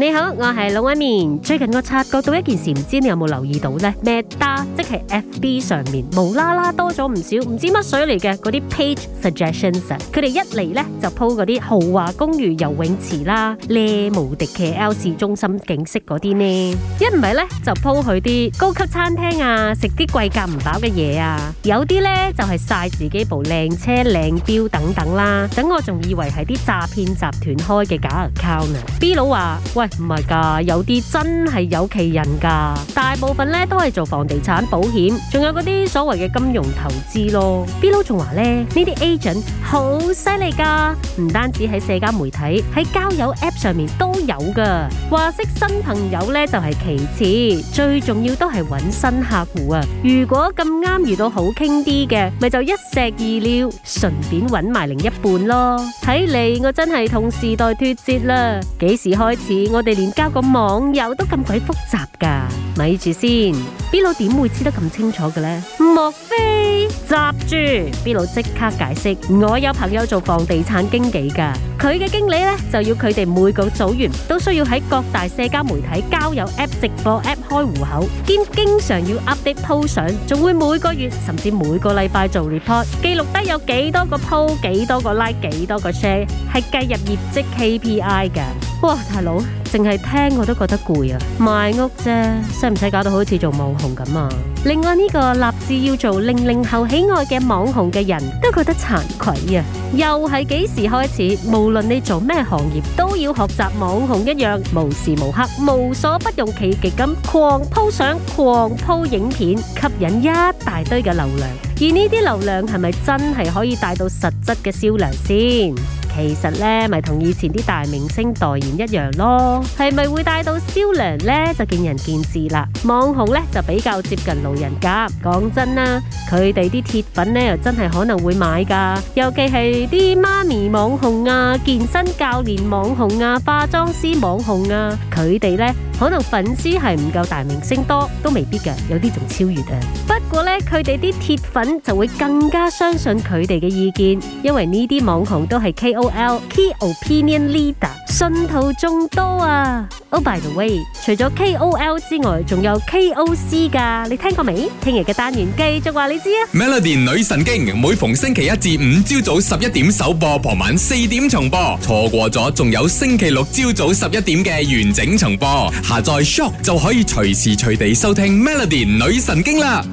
你好，我係老威面。最近我察覺到一件事，唔知你有冇留意到呢？咩即係 FB 上面無啦啦多咗唔少，唔知乜水嚟嘅嗰啲 page suggestions 啊。佢哋一嚟呢，就 po 嗰啲豪華公寓、游泳池啦，呢無敵嘅 L 市中心景色嗰啲呢，一唔係呢，就 po 佢啲高級餐廳啊，食啲貴價唔飽嘅嘢啊。有啲呢，就係、是、晒自己部靚車、靚錶等等啦。等我仲以為係啲詐騙集團開嘅假 account 啊！B 佬話：喂！唔係噶，有啲真係有其人噶，大部分咧都係做房地產保險，仲有嗰啲所謂嘅金融投資咯。Bilo 仲話咧，呢啲 agent 好犀利噶，唔單止喺社交媒體，喺交友 app 上面都有噶。話識新朋友咧就係、是、其次，最重要都係揾新客戶啊！如果咁啱遇到好傾啲嘅，咪就一石二鳥，順便揾埋另一半咯。睇嚟我真係同時代脫節啦，幾時開始我哋連交個網友都咁鬼複雜㗎，咪住先。Bill 佬點會知得咁清楚嘅呢？莫非？閘住 Bill 佬即刻解釋：我有朋友做房地產經紀噶，佢嘅經理咧就要佢哋每個組員都需要喺各大社交媒體交友 App、直播 App 開戶口，兼經常要 update post 相，仲會每個月甚至每個禮拜做 report，記錄低有幾多個鋪、幾多個 like，幾多個 share，係計入業績 KPI 嘅。哇！大佬，淨係聽我都覺得攰啊！賣屋啫，使唔使搞到好似做務？同另外呢個立志要做零零後喜愛嘅網紅嘅人都覺得慚愧啊！又係幾時開始？無論你做咩行業，都要學習網紅一樣，無時無刻、無所不用其極咁狂鋪相、狂鋪影片，吸引一大堆嘅流量。而呢啲流量係咪真係可以帶到實質嘅銷量先？其實咧，咪同以前啲大明星代言一樣咯，係咪會帶到銷量呢？就見仁見智啦。網紅呢，就比較接近路人甲，講真啦，佢哋啲鐵粉呢，又真係可能會買噶，尤其係啲媽咪網紅啊、健身教練網紅啊、化妝師網紅啊，佢哋呢，可能粉絲係唔夠大明星多，都未必噶，有啲仲超越啊。不過呢，佢哋啲鐵粉就會更加相信佢哋嘅意見，因為呢啲網紅都係 K KOL key opinion leader，信徒眾多啊。Oh by the way，除咗 KOL 之外，仲有 KOC 噶，你聽過未？聽日嘅單元繼續話你知啊。Melody 女神經，每逢星期一至五朝早十一點首播，傍晚四點重播。錯過咗，仲有星期六朝早十一點嘅完整重播。下載 Shock 就可以隨時隨地收聽 Melody 女神經啦。